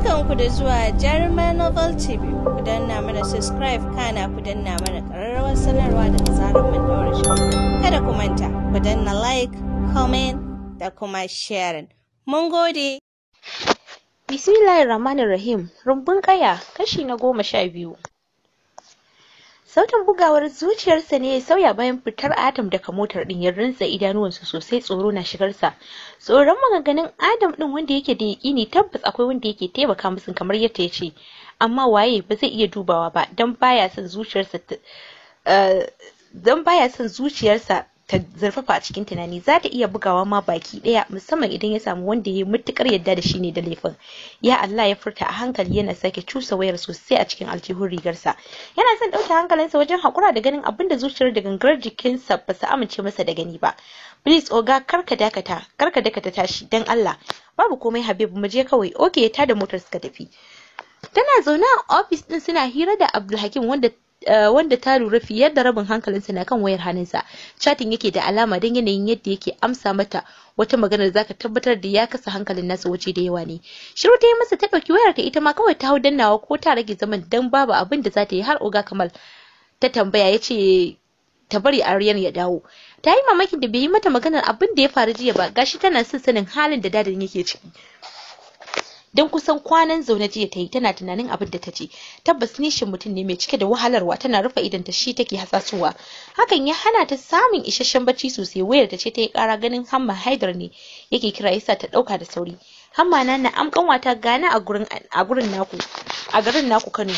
barkanku da zuwa jarumar novel tv ku danna mana subscribe kana ku danna mana ƙararrawar sanarwa da tsarin mun daura shi kada ku manta ku danna like comment da kuma sharing mun gode bismillahir rahmanir rahim rumbun kaya kashi na goma sha biyu Sautin bugawar zuciyarsa ne ya sauya bayan fitar Adam daga motar din ya rantsa idanuwansa sosai tsoro na shigarsa. Tsoron maganganun Adam din wanda yake da yakini tabbas akwai wanda yake taimaka musu kamar yadda ya ce. Amma waye ba zai iya dubawa ba don baya son zuciyarsa eh, don baya son zuciyarsa ta zurfafa a cikin tunani za ta iya bugawa ma baki ɗaya musamman idan ya samu wanda ya mutukar yadda da shi ne da laifin ya Allah ya furta a hankali yana sake cusa wayar sosai a cikin aljihun rigarsa yana son ɗauke hankalinsa wajen haƙura da ganin abin da zuciyar da gangar jikinsa ba su amince masa da gani ba please oga karka dakata karka dakata tashi dan Allah babu komai Habib mu je kawai oke ya da motar suka tafi tana zaune a ofis din suna hira da Abdulhakim wanda Eh, wanda ta lura fiye da rabin hankalinsa na kan wayar hannunsa chatin yake da alama don yanayin yadda yake amsa mata wata magana da zaka tabbatar da ya kasa hankalin nasa waje da yawa ne shiru ta yi masa ta ɗauki wayar ta ita ma kawai ta hau dannawa ko ta rage zaman dan babu abin da za ta yi har oga kamal ta tambaya ya ce ta bari aryan ya dawo ta yi mamakin da bai yi mata maganar abin da ya faru jiya ba gashi tana son sanin halin da dadin yake ciki don kusan kwanan zaune jiya ta yi tana tunanin abin da ta ce tabbas nishin mutum ne mai cike da wahalarwa tana rufe idan ta shi take hasasowa. hakan ya hana ta samun isasshen bacci sosai wayar ta ce ta yi kara ganin hamma haidar ne yake kira yasa ta dauka da sauri hamma na na am kanwata gana a gurin a gurin naku a garin naku Kano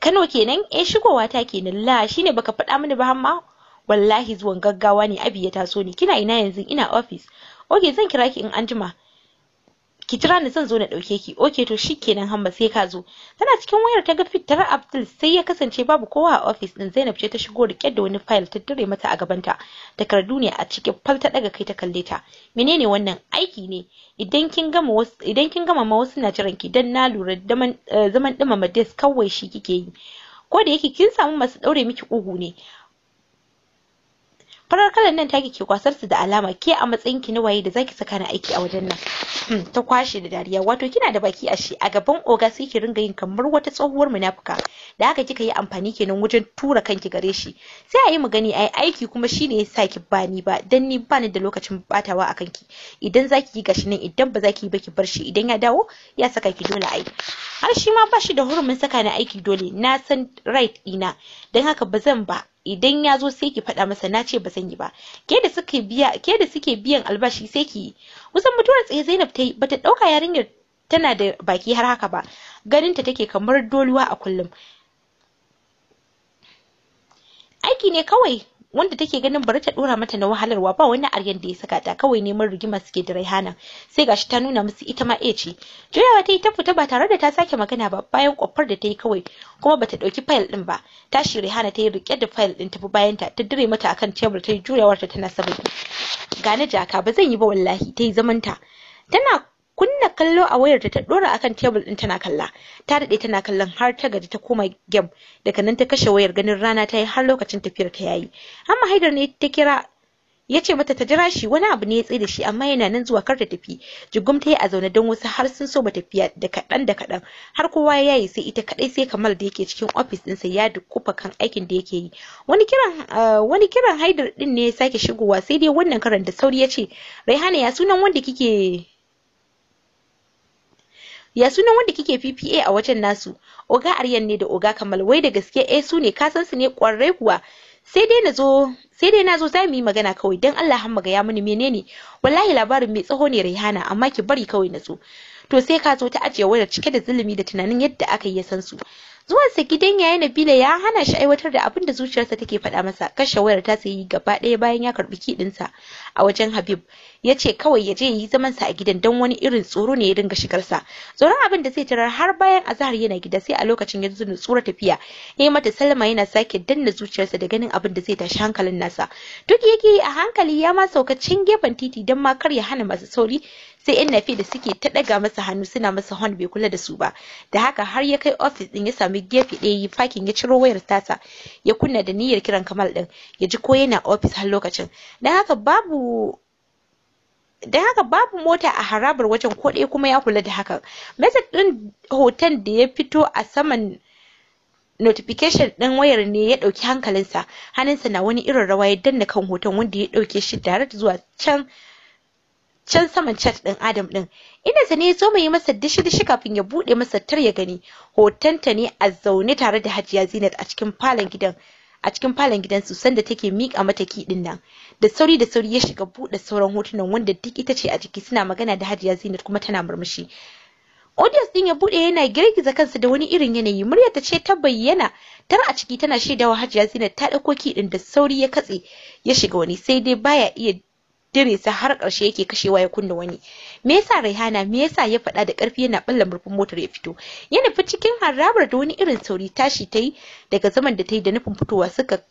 Kano kenan eh shigowa ta kenan la shine baka faɗa mini ba hamma wallahi zuwan gaggawa ne abi ya taso ni kina ina yanzu ina office okay zan kira ki in an jima ki jira ni zan zo na ɗauke ki okay to shikenan hamba sai ka zo tana cikin wayar ta ga fitar Abdul sai ya kasance babu kowa a office din Zainab ce ta shigo rike da wani file ta dure mata a gabanta takardu ne a cikin fal ta daga kai ta kalle ta menene wannan aiki ne idan kin gama wasu idan kin gama ma wasu na jiran ki dan na lura eh, zaman dumama desk kawai shi kike yi ko da yake kin samu masu daure miki kugu ne farar kalan nan take ke kwasar su da alama ke a matsayin ki na waye da zaki saka na aiki a wajen nan hmm, ta kwashe da dariya wato kina da baki a shi a gaban oga sai ki ringa yin kamar wata tsohuwar munafuka da haka kika yi amfani kenan wajen tura kanki gare shi sai a yi mu gani ai aiki kuma shine ya sa ki ba ni ba dan ni ba ni da lokacin batawa a kanki idan zaki yi gashi nan idan ba zaki yi ba ki bar shi idan ya dawo ya saka ki dole ai har shi ma ba shi da hurumin saka na aiki dole na san right dina dan haka ba zan ba idan ya zo sai ki faɗa masa na ce ba zan yi ba ke da suke biya ke da suke biyan albashi sai ki yi kusan mutuwar tsaye Zainab ta yi bata ɗauka yarinyar tana da baki har haka ba ganinta take kamar doluwa a kullum aiki ne kawai wanda take ganin bari ta dora mata na wahalarwa ba wani aryan da ya saka ta kawai neman rigima suke da Raihana sai gashi ta nuna musu ita ma A ce juyawa ta yi ta fita ba tare da ta sake magana ba bayan kofar da ta yi kawai kuma bata dauki fayil din ba tashi Raihana ta yi rike da fayil din tafi bayan ta ta dire mata akan tebur ta yi juyawar ta tana saboda gane jaka ba zan yi ba wallahi ta yi zaman ta tana kallo a wayarta ta dora akan tebul ɗin tana kalla ta dade tana kallon har ta gaji ta koma gem daga nan ta kashe wayar ganin rana ta yi har lokacin tafiyar ta yayi amma haidar ne ta kira ya ce mata ta jira shi wani abu ne ya tsaye da shi amma yana nan zuwa kar ta tafi jigum ta yi a zaune don wasu har sun so ba tafiya da kaɗan da kaɗan har kowa ya yi sai ita kaɗai sai kamar da yake cikin ofis ɗinsa ya dukufa kan aikin da yake yi wani kiran eh, wani haidar ɗin ne ya sake shigowa sai dai wannan karanta sauri ya ce raihana ya sunan wanda kike ya sunan wanda kike PPA a wajen nasu oga aryan ne da oga kamal wai da gaske eh su ne kasan su ne kwarai kuwa sai dai na zo sai dai na zo za mu yi magana kawai don Allah hamma ga ya mini menene wallahi labarin mai tsaho ne Raihana amma ki bari kawai na zo to sai ka zo ta ajiye wayar cike da zulumi da tunanin yadda aka yi ya san su zuwan sa gidan yaya Nabila ya hana shi aiwatar da abin da zuciyarsa take faɗa masa kashe wayar ta sai gaba ɗaya bayan ya karbi sa a wajen Habib ya ce kawai ya je yi zaman sa a gidan don wani irin tsoro ne ya dinga shigar sa tsoron abin da zai tarar har bayan azhar yana gida sai a lokacin yanzu zuna tsura tafiya ya mata salma yana sake danna zuciyarsa da ganin abin da zai tashi hankalin nasa duk yake a hankali ya ma sauka cin gefen titi don ma kar ya hana masu sauri sai yan nafi da suke ta daga masa hannu suna masa hon bai kula da su ba da haka har ya kai ofis din ya sami gefe ɗaya yi fakin ya ciro wayar tasa ya kunna da niyyar kiran kamal din ya ji ko yana ofis har lokacin don haka babu da haka babu mota a harabar wajen ko ɗaya kuma ya kula da hakan message ɗin hoton da ya fito a saman notification ɗin wayar ne ya ɗauki hankalinsa hannunsa na wani irin rawa ya danna kan hoton wanda ya ɗauke shi direct zuwa can can saman chat ɗin adam ɗin ina sa ne ya yi masa dishi dishi kafin ya buɗe masa tar ya gani hotonta ne a zaune tare da hajiya zinat a cikin falon gidan a cikin falon gidansu sanda take miƙa mata ki nan da sauri da sauri ya shiga buɗe sauran hotunan wanda duk ita ce a jiki suna magana da Hajiya Zinat kuma tana murmushi audience ɗin ya buɗe yana girgiza kansa da wani irin yanayi murya ta ce ta bayyana Tar a ciki tana shaidawa Hajiya Zinat ta ɗauko ki da sauri ya katse ya shiga wani sai dai baya iya dire sa har ƙarshe yake kashewa ya kunna wani me yasa Raihana me yasa ya faɗa da ƙarfi yana ɓalla murfin motar ya fito ya nufi cikin harabar da wani irin sauri tashi ta yi daga zaman da ta yi da nufin fitowa suka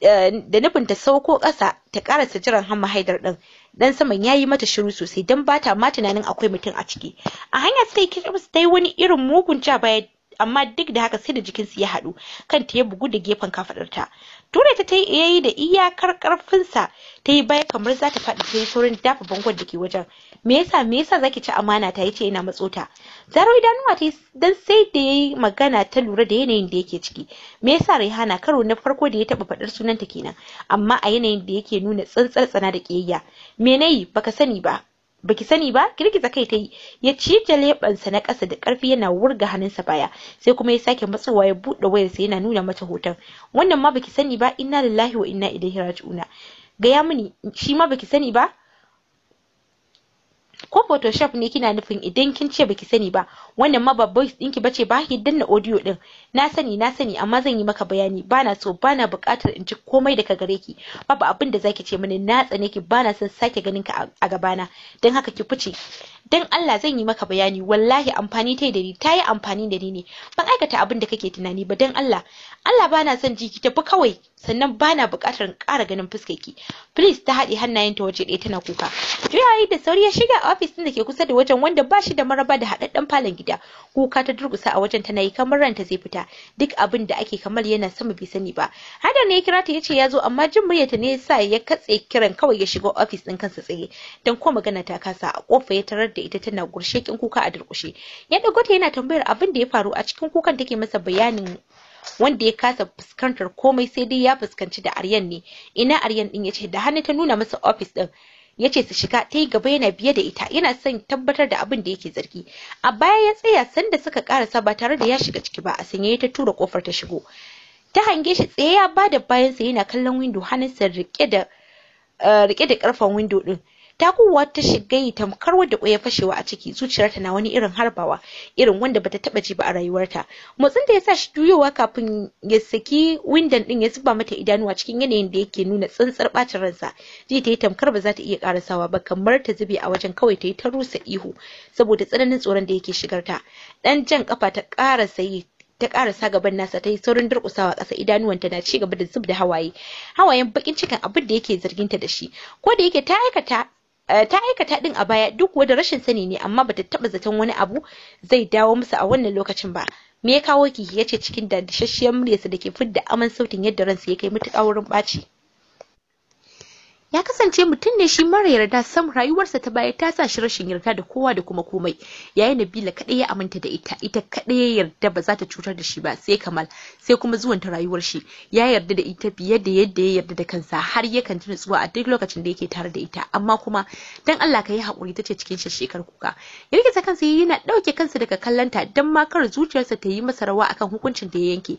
eh, da nufin ta sauko ƙasa ta ƙarasa jiran hamma haidar ɗin dan saman ya yi mata shiru sosai don ba ta ma tunanin akwai mutum a ciki a hanya suka yi kirɓus ta yi wani irin mugun ja baya amma duk da haka sai da jikinsu ya haɗu kanta ya bugu da gefen kafaɗarta tura ta ta yi da iyakar karfinsa ta yi baya kamar za ta faɗi ta yi saurin dafa bangon da ke wajen me yasa me yasa zaki ci amana ta ce ina matsota? ta zaro idanuwa ta dan sai da yayi magana ta lura da yanayin da yake ciki me yasa Rihana karo na farko da ya taba faɗar sunanta kenan amma a yanayin da yake nuna tsantsar tsana da kiyayya me nayi baka sani ba baki sani ba girgiza kai ta yi ya cije sa na ƙasa da ƙarfi yana wurga hannunsa baya sai kuma ya sake matsowa ya buɗe wayarsa yana nuna mata hoton wannan ma baki sani ba inna lillahi wa inna ilaihi raji'una gaya mini shi ma baki sani ba ko photoshop ne kina nufin idan kin ce baki sani ba wannan ma ba voice bace ba ki danna audio din na sani na sani amma zan yi maka bayani bana so bana buƙatar in ci komai daga gare ki babu abin da zaki ce mini na tsane ki bana son sake ganin ka a gabana don haka ki fice dan Allah zan yi maka bayani wallahi amfani tai da ni tayi amfani da ni ne ban aikata abin da kake tunani ba dan Allah Allah bana son jiki tafi kawai sannan bana buƙatar ƙara ganin fuskarki please ta haɗe hannayenta waje ɗaya tana kuka juyayi da sauri ya shiga ofis ɗin da ke kusa da wajen wanda ba shi da maraba da haɗaɗɗen falon gida kuka ta durgusa a wajen tana yi kamar ranta zai fita duk abin da ake kamar yana sama bai sani ba hada ne ya kira ta ce ya zo amma jin muryarta ne sa ya katse kiran kawai ya shiga ofis ɗin kansa tsaye dan ko magana ta kasa a kofa ya tarar da ita tana gurshekin kuka a durkushe ya dago ta yana tambayar abin da ya faru a cikin kukan take masa bayanin wanda ya kasa fuskantar komai sai dai ya fuskanci da aryan ne ina aryan din yace da hannu ta nuna masa office din yace su shiga ta yi gaba yana biye da ita yana son tabbatar da abin da yake zargi a baya ya tsaya sanda suka karasa ba tare da ya shiga ciki ba a sanye ta tura kofar ta shigo ta hange shi tsaye ya bada bayansa yana kallon windo hannunsa rike da eh, rike da karfan window din dakowa ta shiga yi tamkar wadda ƙoya fashewa a ciki zuciyarta na wani irin harbawa irin wanda bata taba ji ba a rayuwarta motsin da ya sa shi juyowa kafin ya saki windon din ya zuba mata idanuwa cikin yanayin da yake nuna tsantsar bacin ransa ji ta yi tamkar ba za ta iya karasawa ba kamar ta zube a wajen kawai ta yi ta rusa ihu saboda tsananin tsoron da yake shigarta dan jan kafa ta ƙara sayi ta karasa gaban nasa ta yi saurin durƙusawa ƙasa idanuwanta na ci gaba da zub da hawaye hawayen bakin cikin abin da yake ta da shi ko da yake ta aikata Eh, ta aikata din a baya duk wanda rashin sani ne amma bata taba zaton wani abu zai dawo musu a wannan lokacin ba me ya kawo ki yace cikin da dashashiyar muryarsa dake fidda aman sautin yadda ransa ya kai mutuƙa wurin ɓaci ya kasance mutum ne shi mara yarda sam rayuwarsa ta baya ta sa shi rashin yarda da kowa da kuma komai yayin Nabila kadai ya aminta da ita ita kadai ya yarda ba za ta cutar da shi ba sai Kamal sai kuma zuwan ta rayuwar shi ya yarda da ita fiye da yadda ya yarda da kansa har yakan ji nutsuwa a duk lokacin da yake tare da ita amma kuma dan Allah ka yi hakuri ta tace cikin shekar kuka ya rike kansa yana dauke kansa daga kallanta dan ma kar zuciyarsa ta yi masa rawa akan hukuncin da ya yanke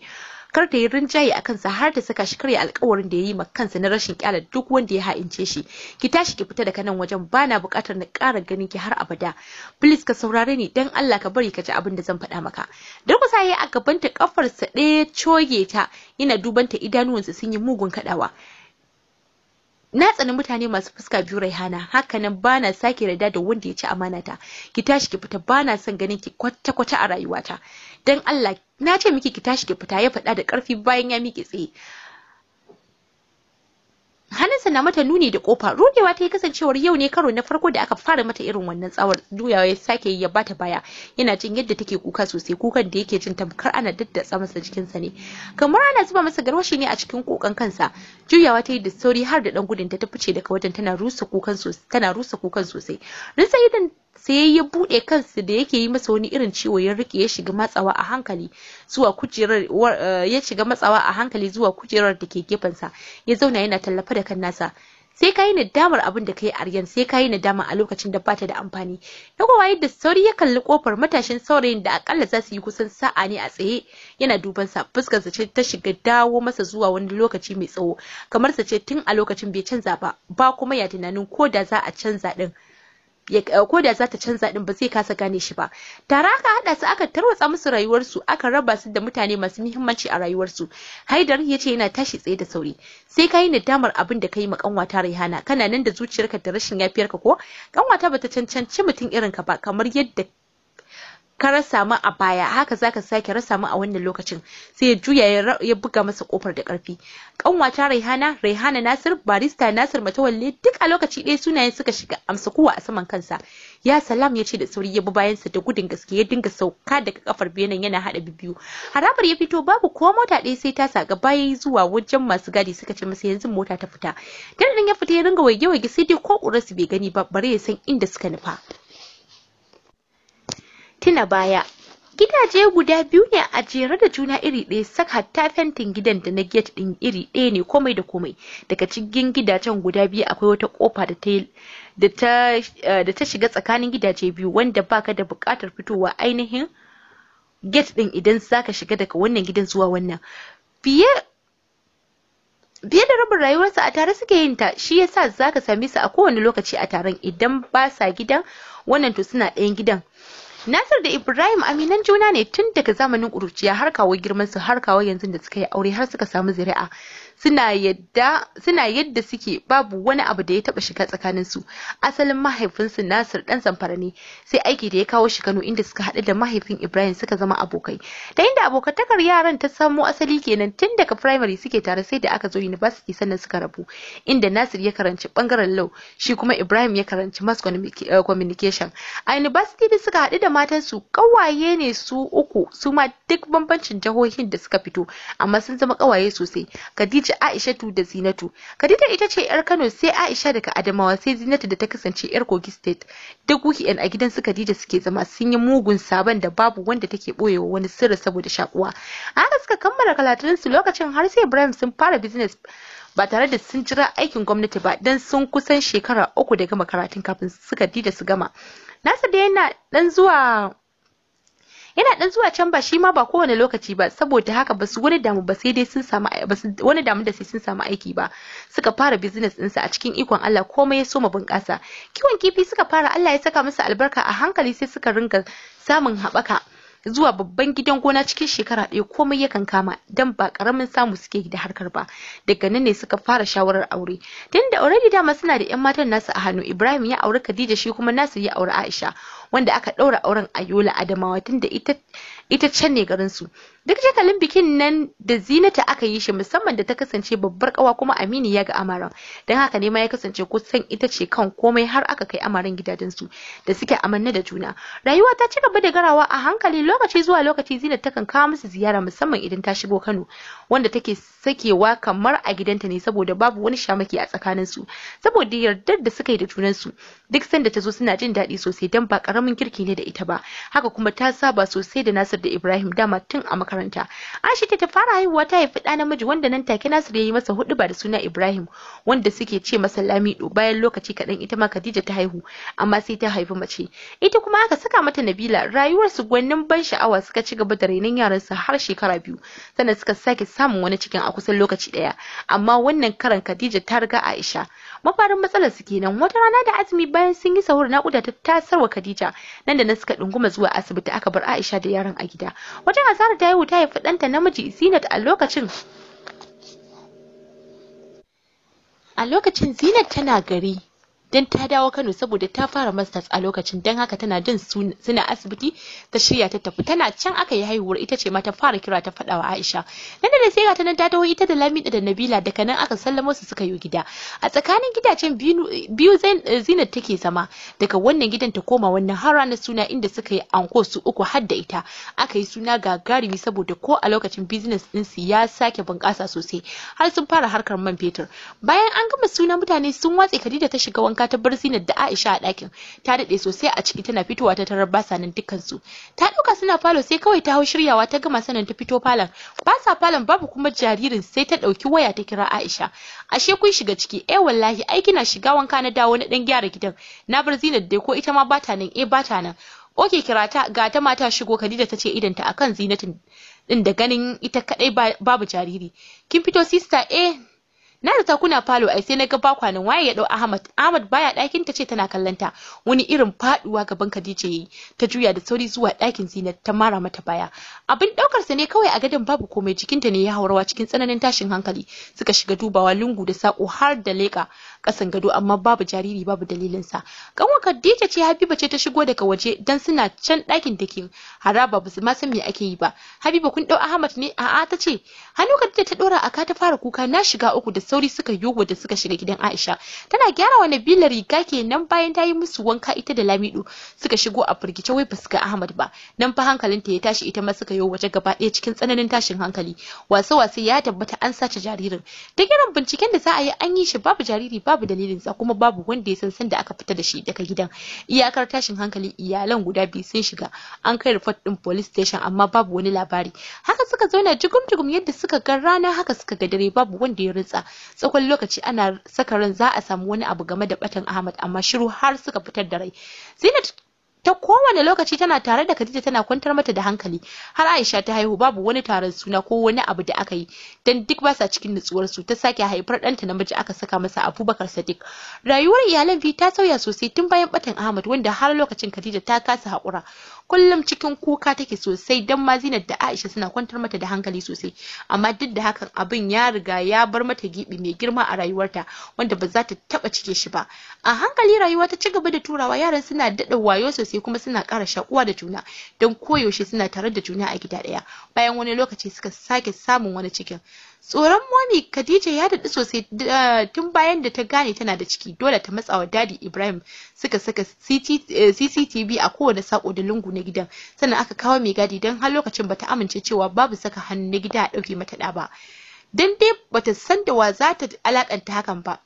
kar ta yi rinjaye a kansa har ta saka shi karya alkawarin da ya yi ma kansa na rashin kyala duk wanda ya ha'ince shi ki tashi ki fita daga nan wajen bana buƙatar na ƙara ganin ki har abada please ka saurare ni dan Allah ka bari ka ji abin da zan faɗa maka kusa yayi a gaban ta sa ɗaya coge ta yana dubanta ta idanuwansa sun yi mugun kadawa na tsani mutane masu fuska biyu raihana hakanan bana sake yarda da wanda ya ci amanata ki tashi ki fita bana son ganin ki kwata kwata a rayuwata dan Allah na ce miki ki tashi ki fita ya faɗa da ƙarfi bayan ya miki tsaye Hannunsa na mata nuni da kofa rudewa ta yi kasancewar yau ne karo na farko da aka fara mata irin wannan tsawar juyawa ya sake yi ya bata baya yana jin yadda take kuka sosai kukan da yake jin tamkar ana daddatsa masa jikinsa ne kamar ana zuba masa garwashi ne a cikin kokan kansa juyawa ta yi da sauri har da dan gudun ta fice daga wajen tana rusa kukan sosai tana rusa kukan sosai rinsa yadda sai ya bude kansa da yake yi masa wani irin ciwo ya rike ya shiga matsawa a hankali zuwa kujerar eh, ya shiga matsawa a hankali zuwa kujerar da ke sa ya zauna yana tallafa da kan nasa sai kayi nadamar abin da kai aryan sai kayi nadama a lokacin da bata da amfani na kowa yadda sauri ya kalli kofar matashin saurayin da akalla za su yi kusan sa'a ne a tsaye yana duban sa fuskar sa ce ta shiga dawo masa zuwa wani lokaci mai tsawo kamar sa ce tun a lokacin bai canza ba ba kuma ya tunanin ko da za a canza din Eh, ko da za ta canza din ba zai kasa gane shi ba tare aka haɗa su aka tarwatsa musu rayuwarsu aka raba su da mutane masu muhimmanci a rayuwarsu haidar ya ce yana tashi tsaye da sauri sai ka yi nadamar abin da ka yi ma Rihana. raihana kana nan da zuciyarka da rashin yafiyarka ko kanwata ta cancanci mutum irinka ba kamar yadda ka rasa mu a baya haka zaka sake rasa mu a wannan lokacin sai ya juya ya buga masa kofar da karfi kanwata Raihana Raihana Nasir barista Nasir Matawalle duk a lokaci ɗaya sunayen suka shiga amsa kowa a saman kansa ya salam ya ce da sauri ya bi bayansa da gudun gaske ya dinga sauka daga kafar benen yana hada bibiyu harabar ya fito babu ko mota ɗaya sai ta saka baya zuwa wajen masu gadi suka ce masa yanzu mota ta fita dalilin ya fita ya ringa waige-waige sai dai ko ƙurarsu bai gani ba bare ya san inda suka nufa tuna baya gidaje guda biyu ne a jere da juna iri ɗaya sak hatta fentin gidan da na get ɗin iri ɗaya ne komai da komai daga cikin gidajen guda biyu akwai wata kofa da ta eh, da ta shiga tsakanin gidaje biyu wanda baka da buƙatar fitowa ainihin get ɗin idan zaka shiga daga wannan gidan zuwa wannan fiye biye da rabin rayuwarsa a tare suke yin ta shi yasa zaka same su a kowane lokaci a taron idan ba sa gidan wannan to suna ɗayan gidan Nasir da Ibrahim aminan juna ne tun daga zamanin ƙuruciya har kawo girman su har kawo yanzu da suka yi aure har suka samu zuri'a suna yadda suke babu wani abu da ya taba shiga tsakanin su asalin mahaifinsu Nasir dan Zamfara ne sai aiki da ya kawo shi Kano inda suka haɗu da mahaifin Ibrahim suka zama abokai da inda abokatakar yaran ta samo asali kenan tun daga primary suke tare sai da aka zo university sannan suka rabu inda Nasir ya karanci bangaren law shi kuma Ibrahim ya karanci mass eh, communication a university da suka haɗu da matansu kawaye ne su uku su ma duk bambancin jihohin da suka fito amma sun zama kawaye sosai Khadija zalunci Aishatu da Zinatu. Khadija ita ce yar Kano sai Aisha daga Adamawa sai Zinatu da ta kasance yar Kogi State. Duk weekend a gidan su Khadija suke zama sun yi mugun sabon da babu wanda take boyewa wani sirri saboda shakuwa. Haka suka kammala karatun su lokacin har sai Ibrahim sun fara business ba tare da sun jira aikin gwamnati ba dan sun kusan shekara uku da gama karatun kafin su Khadija su gama. nasa da yana dan zuwa yana dan zuwa can ba shi ma ba kowane lokaci ba saboda haka ba su wani damu ba sai dai sun samu ba su wani damu da sai sun samu aiki ba suka fara business ɗinsa a cikin ikon Allah komai ya soma bunƙasa kiwon kifi suka fara Allah ya saka musu albarka a hankali sai suka ringa samun haɓaka zuwa babban gidan gona cikin shekara ɗaya komai yakan kama dan ba karamin samu suke da harkar ba daga nan ne suka fara shawarar aure tun da already dama suna da yan matan nasu a hannu Ibrahim ya auri Khadija shi kuma nasu ya auri Aisha wanda aka ɗaura auren a Yola Adamawa tun ita ita can ne garin su duk jakalin bikin nan da zinata aka yi shi musamman da ta kasance babbar kawa kuma ya ga amaran don haka ne ma ya kasance kusan ita ce kan komai har aka kai amaran gidajen su da suke amanna da juna rayuwa ta ci gaba da garawa a hankali lokaci zuwa lokaci zinat takan kawo musu ziyara musamman idan ta shigo Kano wanda take sakewa kamar a gidanta ne saboda babu wani shamaki a tsakanin su saboda yardar da suka yi da junan su duk sanda ta zo suna jin daɗi sosai don ba ƙaramin kirki ne da ita ba haka kuma ta saba sosai da Nasir da Ibrahim dama tun a makaranta Aisha ta fara haihuwa ta haifi ɗa namiji wanda nan take Nasir yi masa hudu ba da suna Ibrahim wanda suke ce masa Lamido bayan lokaci kaɗan ita ma Khadija ta haihu amma sai ta haifi mace ita kuma aka saka mata Nabila rayuwar su gwanin ban sha'awa suka ci gaba da rainon yaran su har shekara biyu sannan suka sake samun wani cikin a kusan lokaci ɗaya amma wannan karan Khadija ta riga Aisha mafarin matsalar su kenan wata rana da azumi bayan sun yi sahur naƙuda ta tasar wa Khadija nan da na suka dunguma zuwa asibiti aka bar Aisha da yaron a gida wajen Azara ta yi ta haifi ɗanta namiji Zinat a lokacin a lokacin Zinat tana gari dan ta dawo Kano saboda ta fara masters a lokacin dan haka tana jin suna asibiti ta shirya ta tafi tana can aka yi haihuwar ita ce ma ta fara kira ta fada wa Aisha nan da sai ga ta nan ta dawo ita da Lamida da Nabila daga nan aka sallamo su suka yi gida a tsakanin gidajen biyu eh, Zinat take zama daga wannan gidan ta koma wannan har ranar suna inda suka yi anko su uku har da ita aka yi suna gagarumi saboda ko a lokacin business din su ya sake bunƙasa sosai har sun fara harkar man fetur bayan an gama suna mutane sun watse Khadija ta shiga wanka ta bar Zinat da Aisha a ɗakin. Ta daɗe sosai a ciki tana fitowa ta tarar ba nan dukkansu. Ta ɗauka suna falo sai kawai ta hau shiryawa ta gama sanin ta fito falon. Ba falon babu kuma jaririn sai ta ɗauki waya ta kira Aisha. Ashe kun shiga ciki eh wallahi ai kina shiga wanka na dawo na ɗan gyara gidan. Na bar Zinat dai ko ita ma bata nan eh bata nan. Oke kira ta ga ta mata shigo Khadija ta ce idanta akan Zinatin din da ganin ita kadai babu jariri. Kin fito sister eh na da kuna falo ai sai na ga ba kwanan waye ya dau Ahmad Ahmad baya ɗakin ta ce tana kallon ta wani irin faduwa gaban Khadija yayi ta juya da sauri zuwa ɗakin Zinat ta mara mata baya abin daukar sa ne kawai a gadon babu komai jikinta ne ya haurawa cikin tsananin tashin hankali suka shiga dubawa lungu da sako har da leka kasan gado amma babu jariri babu dalilin sa kanwa Khadija ce Habiba ce ta shigo daga waje dan suna can ɗakin da ke haraba ba su ma san me ake yi ba Habiba kun dau Ahmad ne a'a ta ce hannu Khadija ta dora aka ta fara kuka na shiga uku da sauri suka yiwu da suka shiga gidan Aisha tana gyara wani bilar riga kenan bayan ta yi musu wanka ita da Lamido suka shigo a firgice wai ba su ga Ahmad ba nan fa ta ya tashi ita ma suka yi waje gaba ɗaya cikin tsananin tashin hankali Wasu-wasu ya tabbata an sace jaririn da kiran binciken da za a yi an yi shi babu jariri babu babu dalilin sa kuma babu wanda ya san sanda aka fita da shi daga gidan iyakar tashin hankalin iyalan guda biyu sun shiga an kai report din police station amma babu wani labari haka suka zauna jigum jigum yadda suka ga rana haka suka ga dare babu wanda ya rutsa tsakon lokaci ana saka ran za a samu wani abu game da batan Ahmad amma shiru har suka fitar da rai Zainat ta kowane lokaci tana tare da Khadija tana kwantar mata da hankali har Aisha ta haihu babu wani taron suna ko wani abu da aka yi dan duk ba sa cikin nutsuwar su ta sake haifar ɗanta namiji aka saka masa Abubakar Sadiq rayuwar iyalan biyu ta sauya sosai tun bayan batan Ahmad wanda har lokacin Khadija ta kasa haƙura kullum cikin kuka take sosai dan ma zinar da Aisha suna kwantar mata da hankali sosai amma duk da hakan abin ya riga ya bar mata gibi mai girma a rayuwarta wanda ba za ta taba cike shi ba a hankali rayuwa ta ci gaba da turawa yaran suna daɗa wayo sosai sosai kuma suna ƙara shakuwa da juna don koyaushe suna tare da juna a gida ɗaya bayan wani lokaci suka sake samun wani cikin tsoron momi khadija ya daɗi sosai tun bayan da ta gane tana da ciki dole ta matsawa dadi ibrahim suka saka cctv eh, a kowane sako da lungu na gidan sannan aka kawo mai gadi don har lokacin bata amince cewa babu saka hannu na gida a ɗauke mata ɗa ba don dai bata san da wa za ta alakanta hakan ba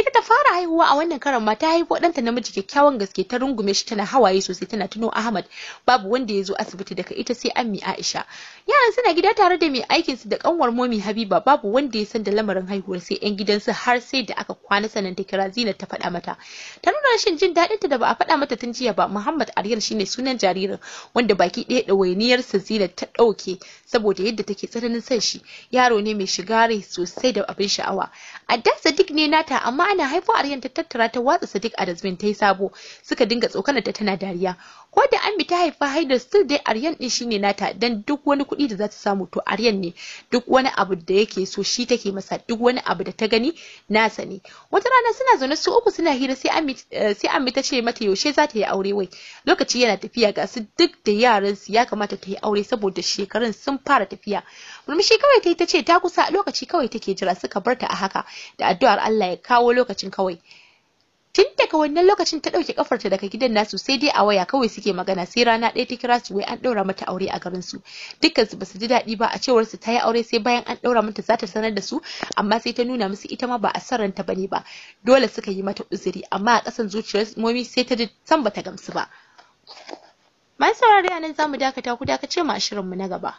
ita ta fara haihuwa a wannan karan ma ta haifo ɗanta namiji kyakkyawan gaske ta rungume shi tana hawaye sosai tana tuno Ahmad babu wanda ya zo asibiti daga ita sai Ammi Aisha yaran suna gida tare da mai aikin su da kanwar momi Habiba babu wanda ya san da lamarin haihuwar sai yan gidansu har sai da aka kwana sanan ta kira Zina ta faɗa mata ta nuna rashin jin daɗin ta da ba a faɗa mata tun jiya ba Muhammad Aryan shine sunan jaririn wanda baki ɗaya ɗawainiyar sa Zina ta ɗauke saboda yadda take tsananin san shi yaro ne mai shiga sosai da abin sha'awa a dasa duk ne nata amma ana haifo aryan ta tattara ta watsa sadiq a dustbin ta yi sabo suka dinga tsokanar ta tana dariya ko da an bi ta haifa Haidar still dai Aryan din shine nata dan duk wani kuɗi da za ta samu to Aryan ne duk wani abu da yake so shi take masa duk wani abu da ta gani nasa ne wata rana suna zaune su uku suna hira sai Ammi eh, sai Ammi ta ce mata yaushe za ta yi aure wai lokaci yana tafiya ga su duk da yaran su ya kamata ta yi aure saboda shekarun sun fara tafiya murmushi kawai ta yi ta ce ta kusa lokaci kawai take jira suka barta a haka da addu'ar Allah ya kawo lokacin kawai tun daga wannan lokacin ta ɗauke kafarta daga gidan nasu sai dai a waya kawai suke magana sai rana ɗaya ta kira su wai an ɗaura mata aure a garin su dukkan su basu ji daɗi ba a cewar su ta yi aure sai bayan an ɗaura mata za ta sanar da su amma sai ta nuna musu ita ma ba a san ranta bane ba dole suka yi mata uzuri amma a ƙasan zuciyar momi sai ta ji san bata gamsu ba. Man saurari a nan za mu dakata ku dakace mu a shirinmu na gaba.